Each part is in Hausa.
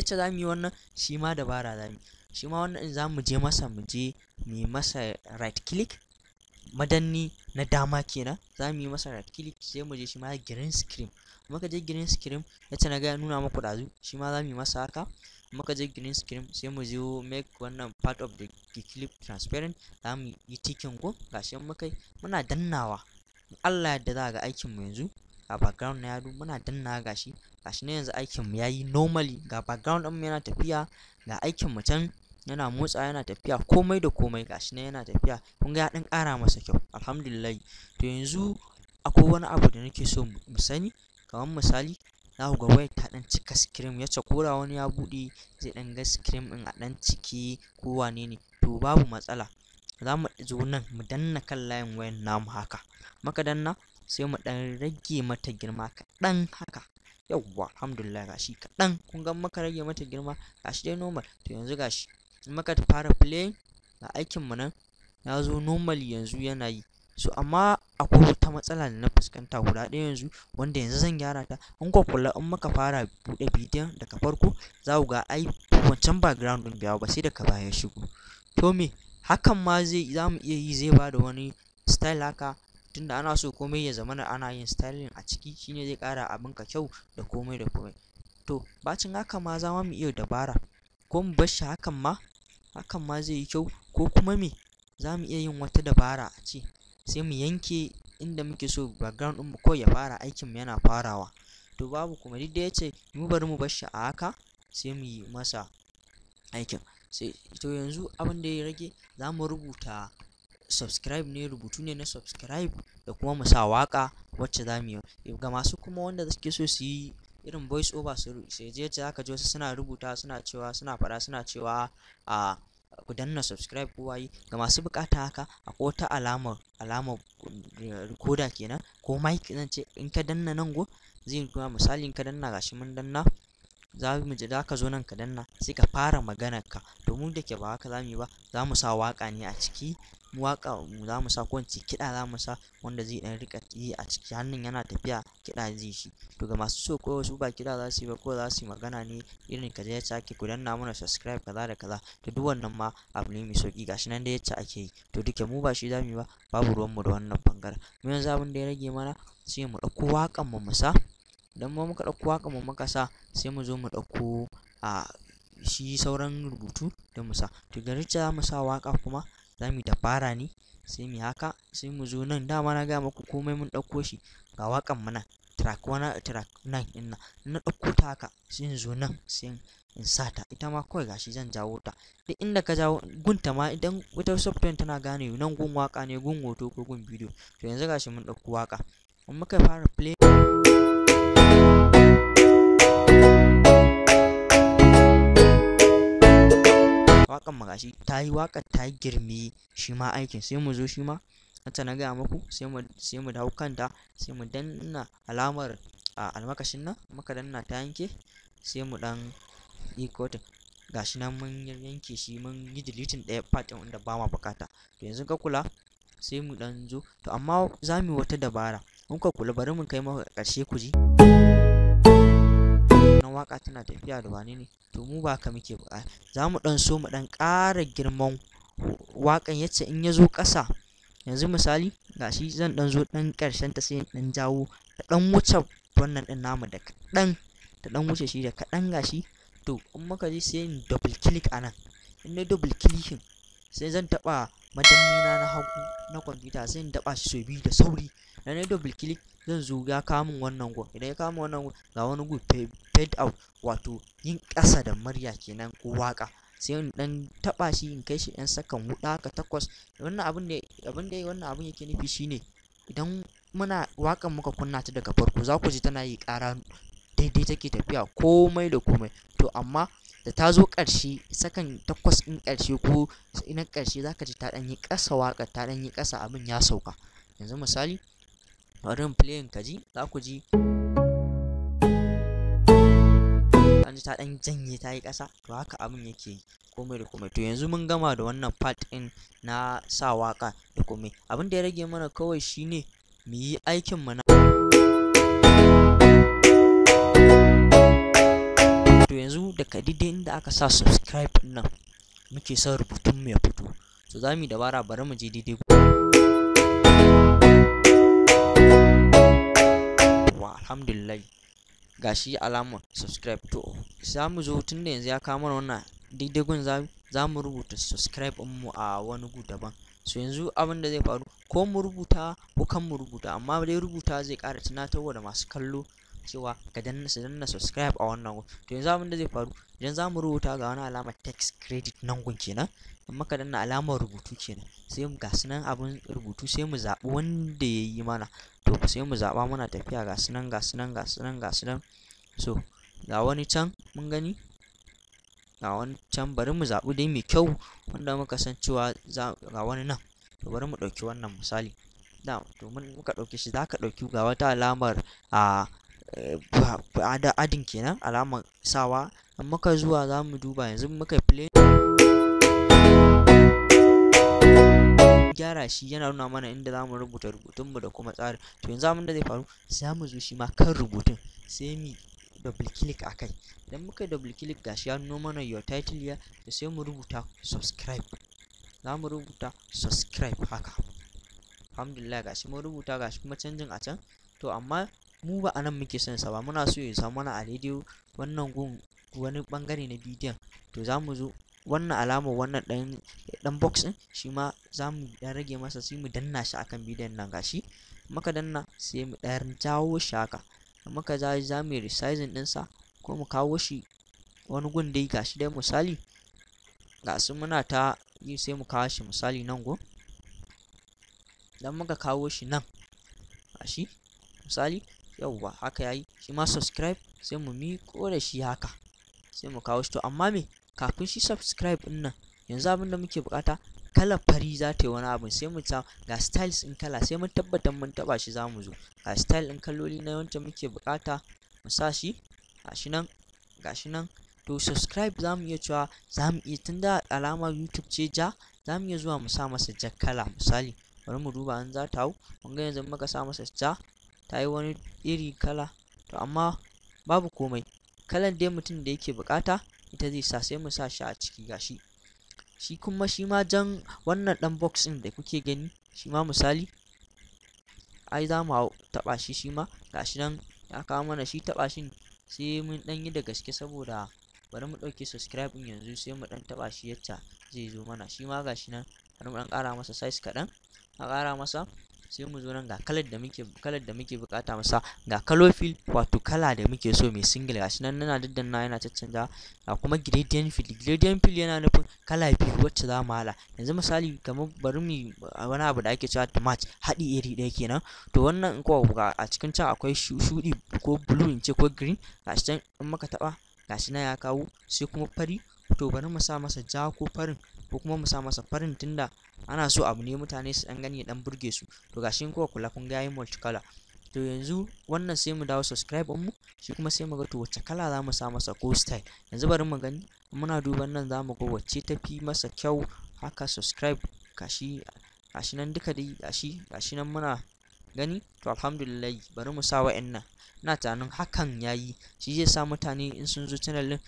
yacce za mu yi wannan shi ma dabara za mu shi ma wannan in za mu je masa mu je mu yi masa right click madanni na dama kenan za mu yi masa right click sai mu je shi ma green screen muka je green screen yace na ga nuna muku dazu shi ma za mu yi masa haka muka je green screen sai mu je make wannan part of the clip transparent za mu yi ticking ko gashi kai muna dannawa Allah yadda za ga aikin mu yanzu ga background na ya duk muna danna gashi gashi ne yanzu aikin mu yayi normally ga background din mu yana tafiya ga aikin mu can yana motsa yana tafiya komai da komai gashi ne yana tafiya kun ga ya dan ƙara masa kyau alhamdulillah to yanzu akwai wani abu da nake so mu sani kamar misali za ga wayar ta dan cika screen yace ko da wani ya bude zai dan ga screen din a dan ciki ko wane ne to babu matsala za mu zo nan mu danna kan layin wayan namu haka muka danna sai mu dan rage mata girma kaɗan haka yawa alhamdulillah gashi kaɗan kun ga muka rage mata girma gashi dai normal to yanzu gashi in muka fara play ga aikin mu nan ya zo normal yanzu yana yi so amma akwai wata matsala da na fuskanta guda ɗaya yanzu wanda yanzu zan gyara ta in ku kula in muka fara buɗe bidiyon daga farko za ku ga ai wancan background ɗin bai ba sai daga baya shigo to me hakan ma zai za mu iya yi zai bada wani style haka tunda ana so komai ya zamana ana yin styling a ciki shine zai kara abinka kyau da komai da komai to bacin haka ma za mu iya dabara ko mu bar shi hakan ma hakan ma zai yi kyau ko kuma me za mu iya yin wata dabara a ce sai mu yanke inda muke so background ɗinmu kawai ya fara aikinmu yana farawa to babu kuma duk da ya ce mu bari mu bar shi a haka sai mu yi masa aikin sai to yanzu abin da ya rage za mu rubuta subscribe ne rubutu ne na subscribe da kuma mu sa waka wacce za mu yi ga masu kuma wanda suke so su yi irin voice over su je ta zaka ji suna rubuta suna cewa suna fara suna cewa a ku danna subscribe kowa yi ga masu bukata haka akwai wata alamar alamar recorder kenan ko mic zan ce in ka danna nan go zai kuma misali in ka danna gashi mun danna za mu za ka zo nan ka danna sai ka fara maganar ka domin da ke ba haka za mu yi ba za mu sa waka ne a ciki waka za mu sa kwanci kiɗa za mu sa wanda zai dan rika yi a ciki hannun yana tafiya kiɗa zai shi to ga masu so ko su ba kiɗa za su yi ba ko za su yi magana ne irin je ya ake ku danna mana subscribe kaza da kaza to duk wannan ma abu ne mai sauki gashi nan da yacce ake yi to duke mu ba shi za mu yi ba babu ruwan da wannan bangaren mu yanzu abin da ya rage mana sai mu ɗauko waƙan mu mu sa idan ma muka ɗauko haka mu muka sa sai mu zo mu ɗauko a shi sauran rubutu da mu sa to garin za mu sa waƙa kuma za mu yi dabara ne sai mu haka sai mu zo nan dama na gaya muku komai mun ɗauko shi ga waƙan mu track wana track nan inna na ɗauko ta haka sai in zo nan sai in sa ta ita ma kawai gashi zan jawo ta duk inda ka jawo gunta ma idan wata software tana gane nan gun waka ne gun hoto ko gun bidiyo to yanzu gashi mun ɗauko waka mun muka fara play waƙan magashi ta yi waƙar ta yi girme shi ma aikin sai mu zo shi ma ta na gaya muku sai mu dawo kanta sai mu danna alamar a almakashin nan muka danna ta yanke sai mu dan yi kotin gashi nan mun yanke shi mun yi deleting ɗaya part ɗin da ba ma bukata to yanzu ka kula sai mu dan zo to amma za mu yi wata dabara in ka kula bari mu kai maka ƙarshe ku ji wannan waka tana tafiya da wane ne to mu ba ka muke buƙata za mu dan so mu ɗan ƙara girman wakan yace in ya zo ƙasa yanzu misali gashi zan ɗan zo ɗan ƙarshen ta sai in jawo ta ɗan wuce wannan din namu da kaɗan ta dan wuce shi da kaɗan gashi to in muka je sai in double click a nan in na double clicking sai zan taba madanni na hagu na kwamfuta sai in taba shi sau biyu da sauri na na double click zan zo ya kamun wannan gun idan ya kama wannan gun ga wani gun fade out wato yin kasa da murya kenan ko waka. sai in dan taba shi in kai shi yan sakan hudu haka takwas wannan abin da abin da wannan abin yake nufi shine idan muna wakan muka kunna ta daga farko za ku ji tana yi kara daidai take tafiya komai da komai to amma da ta zo ƙarshe sakan takwas ɗin ƙarshe ko na ƙarshe za ka ji ta ɗan yi ƙasa waƙa ta ɗan yi ƙasa abin ya sauka yanzu misali warin in playin ka ji za ku ji an ji ta ɗan janye ta yi ƙasa to haka abin yake yi komai da komai to yanzu mun gama da wannan part ɗin na sa waƙa da komai abin da ya rage mana kawai shine mu yi aikin mu na to yanzu da daidai inda aka sa subscribe nan muke son rubutun mu ya fito so za mu yi dabara bari mu je daidai wa alhamdulillah gashi alamar subscribe to za mu zo tun da yanzu ya kama wannan daidai gun za mu rubuta subscribe mu a wani gu daban so yanzu abin da zai faru ko mu rubuta ko kan mu rubuta amma dai rubuta zai ƙara tunatarwa da masu kallo cewa ka danna su danna subscribe a wannan gun to yanzu abin da zai faru idan za mu rubuta ga wani alamar text credit nan gun kenan in muka danna alamar rubutu kenan sai mu gasu nan abin rubutu sai mu zaɓi wanda ya yi mana to sai mu zaɓa muna tafiya gasu nan gasu nan gasu nan gasu nan so ga wani can mun gani ga wani can bari mu zaɓi dai mai kyau wanda muka san cewa ga wani nan to bari mu ɗauki wannan misali da to mun muka ɗauki shi za ka ɗauki ga wata alamar a ah, ba da adin kenan alamar sawa in muka zuwa za mu duba yanzu muka play gyara shi yana nuna mana inda za mu rubuta rubutunmu da kuma tsari to yanzu abin da zai faru za mu zo shi ma kan rubutun sai mu double click a kai idan muka double click gashi ya nuno mana your title ya to sai mu rubuta subscribe za mu rubuta subscribe haka alhamdulillah gashi mun rubuta gashi kuma canjin a can to amma mu ba anan muke son sa ba muna so ya samu mana a rediyo wannan gun wani bangare na bidiyon to za mu zo wannan alamar wannan dan dan box din shi ma za mu dan rage masa sai mu danna shi akan bidiyon nan gashi muka danna sai mu dan jawo shi haka muka za za mu resizing din sa ko mu kawo shi wani gun dai gashi dai misali ga su muna ta yi sai mu kawo shi misali nan go dan muka kawo shi nan gashi misali yauwa haka yayi shi ma subscribe sai mu miƙo da shi haka sai mu kawo shi to amma me kafin shi subscribe din nan yanzu abin da muke bukata kala fari za ta yi wani abu sai mu ga styles in kala sai mun tabbatar mun taba shi za mu zo ga style din kaloli na wanda muke bukata mu sa shi gashi nan gashi nan to subscribe za mu iya cewa za mu iya tun da alamar youtube ce ja za mu iya zuwa mu sa masa ja kala misali bari mu duba an za ta hau mun ga yanzu muka sa masa ja tayi wani iri kala to amma babu komai kalan dai mutum da yake bukata ita zai sa sai mu sa shi a ciki gashi shi kuma shi ma jan wannan dan box ɗin da kuke gani shi ma misali ai za mu taɓa shi shi ma gashi nan ya kawo mana shi taɓa shi sai mun ɗan yi da gaske saboda bari mu ɗauke subscribe ɗin yanzu sai mu ɗan taɓa shi yacca zai zo mana shi ma gashi nan bari mu ɗan ƙara masa size kaɗan a ƙara masa sai mu zo nan ga kalar da muke kalar da muke bukata masa ga color wato kala da muke so mai single gashi nan yana daddanna yana caccanja ga kuma gradient fill gradient fill yana nufin kala biyu wacce za mu hala yanzu misali kamar bari mu wani abu da ake cewa to match haɗi iri ɗaya kenan to wannan in a cikin can akwai shuɗi ko blue in ce ko green gashi can in muka taba gashi nan ya kawo sai kuma fari to bari mu sa masa ja ko farin ko kuma mu sa masa farin tunda ana so abu ne mutane su dan gani ya dan burge su to gashi in kuka kula kun ga yayi multicolor to yanzu wannan sai mu dawo subscribe mu shi kuma sai mu ga to wacce kala za mu sa masa ko style yanzu bari mu gani muna duban nan za mu ga wacce ta masa kyau haka subscribe gashi gashi nan duka dai gashi gashi nan muna gani to alhamdulillah bari mu sa wa'annan ina tunanin hakan yayi shi zai sa mutane in sun zo channel din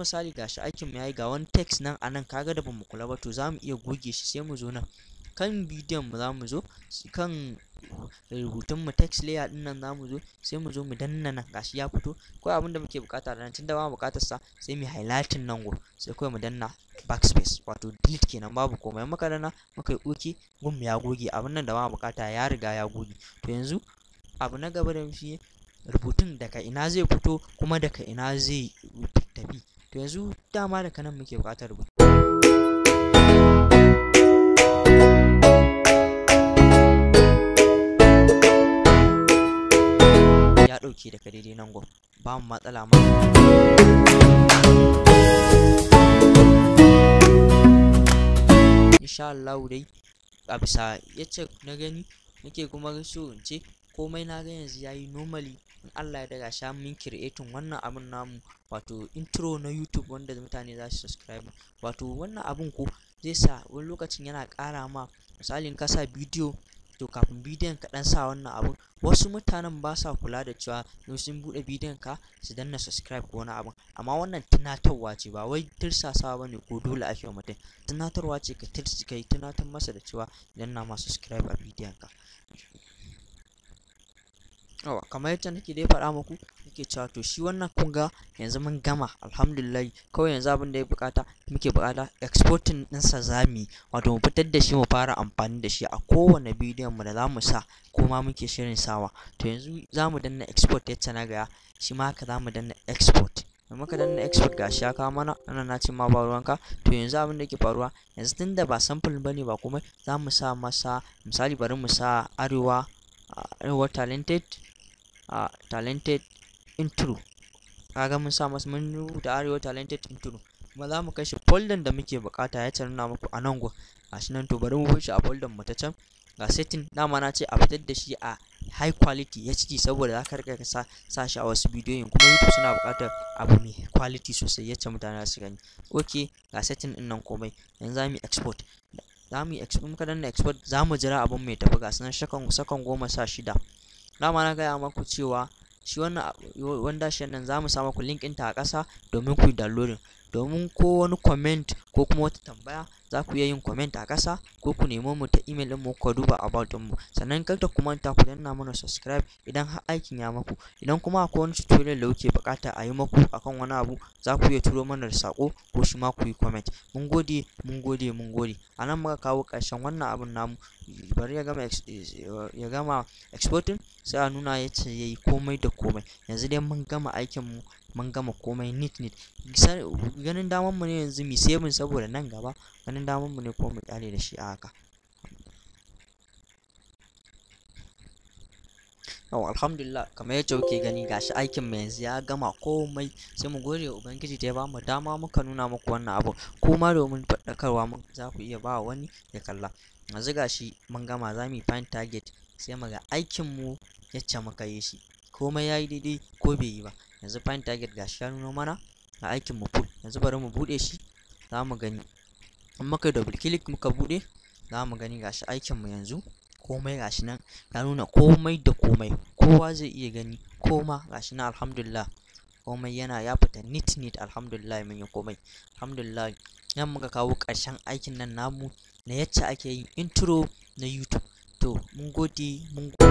misali ga shi aikin mu yayi ga wani text nan anan kaga da bamu kula ba to zamu iya goge shi sai mu zo nan kan bidiyon mu zamu zo kan rubutun mu text layer din nan zamu zo sai mu zo mu danna nan gashi ya fito ko abin da muke bukata da nan tunda ba mu bukatar sa sai mu highlighting nan go sai kawai mu danna backspace wato delete kenan babu komai muka danna muka yi oke gun ya goge abin nan da ba mu bukata ya riga ya goge to yanzu abu na gaba da shi rubutun daga ina zai fito kuma daga ina zai to yanzu dama da kanan muke buƙatar rubutu ya ɗauke daga daidai nan gwam ba mu matsala ma insha Allah dai a bisa yacce na gani muke kuma so in ce komai na ga yanzu yayi normally in Allah ya daga sha mun creating wannan abun namu wato intro na YouTube wanda mutane za su subscribe wato wannan abun ko zai sa wani lokacin yana ƙara ma misali in ka sa bidiyo to kafin bidiyon ka dan sa wannan abun wasu mutanen ba sa kula da cewa in sun bude bidiyon ka su danna subscribe ko wani abun amma wannan tunatarwa ce ba wai tirsasawa bane ko dole a wa mutum tunatarwa ce ka tirsi kai tunatar masa da cewa danna ma subscribe a bidiyon ka yawa kamar yadda nake dai faɗa muku nake cewa to shi wannan kunga yanzu mun gama alhamdulillahi kawai yanzu abin da ya bukata muke bukata exporting sa zami wato mu fitar da shi mu fara amfani da shi a kowane bidiyon mu da zamu sa ko muke shirin sawa to yanzu zamu danna export yadda na gaya shi ma haka zamu danna export da muka danna export gashi ya kawo mana ana na ce ma ba ruwanka to yanzu abin da ke faruwa yanzu tunda ba sample bane ba kuma zamu sa masa misali bari mu sa arewa arewa talented a talented intro kaga mun sa masu mun rubuta arewa talented intro kuma za mu kashe folder da muke bukata ya ce nuna muku a nan a shi nan to bari mu shi a folder mu ta can ga setting dama na ce a fitar da shi a high quality ciki saboda za ka rika sa sa shi a wasu bidiyoyin kuma YouTube suna buƙatar abu mai quality sosai ce mutane su gani okay ga setting din nan komai yanzu za mu export za mu yi export muka danna export za jira abin mai tafi ga sanan sakan goma sha shida dama na gaya maku cewa shi wannan wanda shi nan za mu sa maku link ɗinta a ƙasa domin ku yi downloading domin ko wani comment ko kuma wata tambaya za ku iya yin comment a ƙasa ko ku nemo mu ta email din mu ku duba about mu sannan kar ku manta ku danna mana subscribe idan har aikin ya maku idan kuma akwai wani tutorial da kuke buƙata a yi maku akan wani abu za ku iya turo mana da saƙo ko shi ma ku yi comment mun gode mun gode mun gode a nan muka kawo ƙarshen wannan abun namu bari ya gama ya gama exporting sai a nuna yace yayi komai da komai yanzu dai mun gama aikin mu mun gama komai nit neat ganin daman mu ne yanzu mu mun saboda nan gaba ganin daman mu ne ko mu kyale da shi a haka yau alhamdulillah kamar yadda kuke gani gashi aikin mu yanzu ya gama komai sai mu gode wa ubangiji da ya bamu dama muka nuna muku wannan abu kuma domin faɗakarwa mu za ku iya ba wani ya kalla yanzu gashi mun gama za mu find target sai mu ga aikin mu yacce muka yi shi komai yayi daidai ko bai yi ba yanzu find target gashi ya nuno mana a aikin mu pool yanzu bari mu bude shi za mu gani in muka double click muka bude za mu gani gashi aikin mu yanzu komai gashi nan ya nuna komai da komai kowa zai iya gani koma gashi nan alhamdulillah komai yana ya fita neat neat alhamdulillah mun yi komai alhamdulillah nan muka kawo karshen aikin nan namu na yacce ake yin intro na YouTube to mun gode mun gode